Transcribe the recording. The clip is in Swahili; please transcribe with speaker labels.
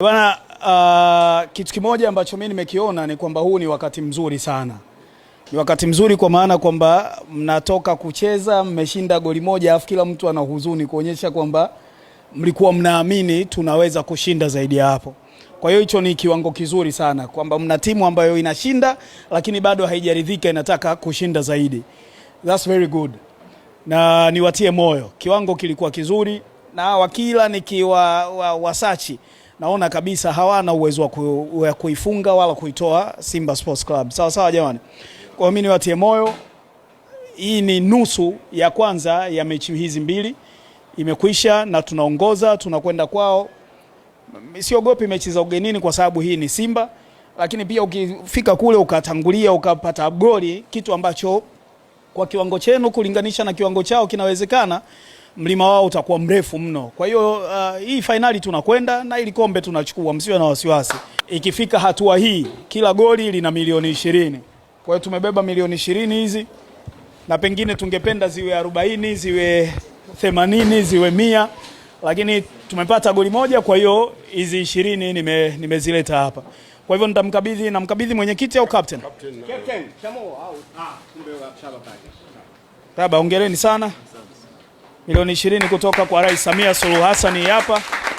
Speaker 1: Bwana, uh, kitu kimoja ambacho mimi nimekiona ni kwamba huu ni wakati mzuri sana. Ni wakati mzuri kwa maana kwamba mnatoka kucheza, mmeshinda goli moja, afu kila mtu ana huzuni kuonyesha kwamba mlikuwa mnaamini tunaweza kushinda zaidi ya hapo. Kwa hiyo hicho ni kiwango kizuri sana kwamba mna timu ambayo inashinda lakini bado haijaridhika, inataka kushinda zaidi. That's very good. Na niwatie moyo, kiwango kilikuwa kizuri na wakila nikiwa wasachi wa, naona kabisa hawana uwezo wa kuifunga wala kuitoa Simba Sports Club. Sawa sawa jamani, kwa mimi niwatie moyo, hii ni nusu ya kwanza ya mechi hizi mbili imekwisha, na tunaongoza tunakwenda kwao. Siogopi mechi za ugenini kwa sababu hii ni Simba, lakini pia ukifika kule ukatangulia ukapata goli, kitu ambacho kwa kiwango chenu kulinganisha na kiwango chao kinawezekana mlima wao utakuwa mrefu mno. Kwa hiyo uh, hii fainali tunakwenda na ili kombe tunachukua, msiwe na wasiwasi. Ikifika hatua hii, kila goli lina milioni ishirini. Kwa hiyo tumebeba milioni ishirini hizi, na pengine tungependa ziwe arobaini, ziwe themanini, ziwe mia, lakini tumepata goli moja. Kwa hiyo hizi ishirini nime, nimezileta hapa. Kwa hivyo nitamkabidhi, namkabidhi mwenyekiti au captain. Captain.
Speaker 2: Captain. Chamo au ah, kumbe shaba
Speaker 1: pale. Raba, ongeleni sana milioni ishirini kutoka kwa Rais Samia Suluhu Hassan hapa.